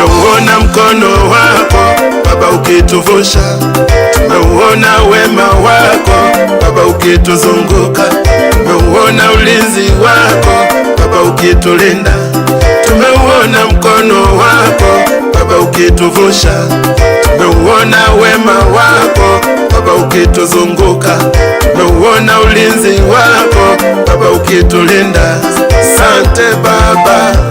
Tunauona mkono wako Baba ukituvusha, tumeuona wema wako Baba ukituzunguka, tumeuona ulinzi wako Baba ukitulinda, tumeuona mkono wako Baba ukituvusha, tumeuona wema wako Baba ukituzunguka, tumeuona ulinzi wako Baba ukitulinda. Sante Baba.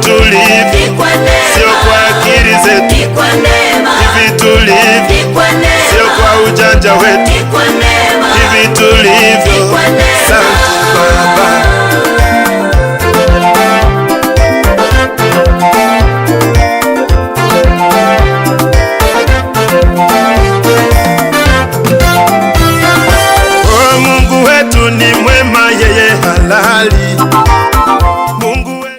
tulivyo, sio kwa akili zetu, hivi tulivyo, sio kwa ujanja wetu, hivi tulivyo. Asante Baba. Mungu wetu ni mwema, yeye halali